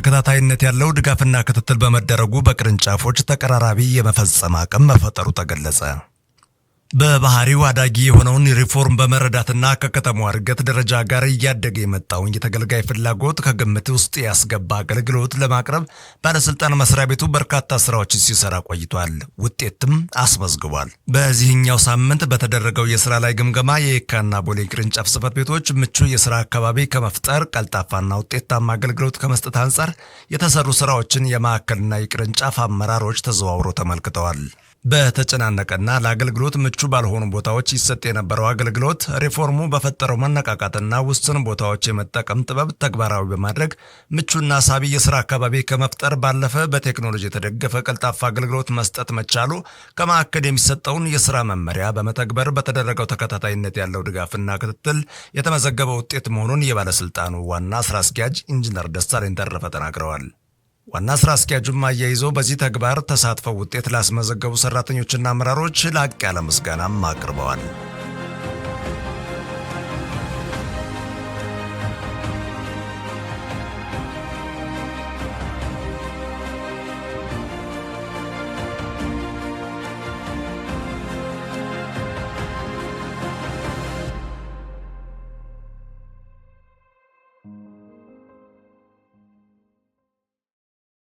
ተከታታይነት ያለው ድጋፍና ክትትል በመደረጉ በቅርንጫፎች ተቀራራቢ የመፈጸም አቅም መፈጠሩ ተገለጸ። በባህሪው አዳጊ የሆነውን ሪፎርም በመረዳትና ከከተማዋ እድገት ደረጃ ጋር እያደገ የመጣውን የተገልጋይ ፍላጎት ከግምት ውስጥ ያስገባ አገልግሎት ለማቅረብ ባለስልጣን መስሪያ ቤቱ በርካታ ስራዎችን ሲሰራ ቆይቷል፣ ውጤትም አስመዝግቧል። በዚህኛው ሳምንት በተደረገው የስራ ላይ ግምገማ የየካና ቦሌ ቅርንጫፍ ጽህፈት ቤቶች ምቹ የስራ አካባቢ ከመፍጠር ቀልጣፋና ውጤታማ አገልግሎት ከመስጠት አንጻር የተሰሩ ስራዎችን የማዕከልና የቅርንጫፍ አመራሮች ተዘዋውሮ ተመልክተዋል። በተጨናነቀና ለአገልግሎት ምቹ ምቹ ባልሆኑ ቦታዎች ይሰጥ የነበረው አገልግሎት ሪፎርሙ በፈጠረው መነቃቃትና ውስን ቦታዎች የመጠቀም ጥበብ ተግባራዊ በማድረግ ምቹና ሳቢ የስራ አካባቢ ከመፍጠር ባለፈ በቴክኖሎጂ የተደገፈ ቀልጣፋ አገልግሎት መስጠት መቻሉ ከማዕከል የሚሰጠውን የስራ መመሪያ በመተግበር በተደረገው ተከታታይነት ያለው ድጋፍና ክትትል የተመዘገበ ውጤት መሆኑን የባለስልጣኑ ዋና ስራ አስኪያጅ ኢንጂነር ደሳለኝ ተረፈ ተናግረዋል። ዋና ስራ አስኪያጁም አያይዘው በዚህ ተግባር ተሳትፈው ውጤት ላስመዘገቡ ሰራተኞችና አመራሮች ላቅ ያለ ምስጋናም አቅርበዋል።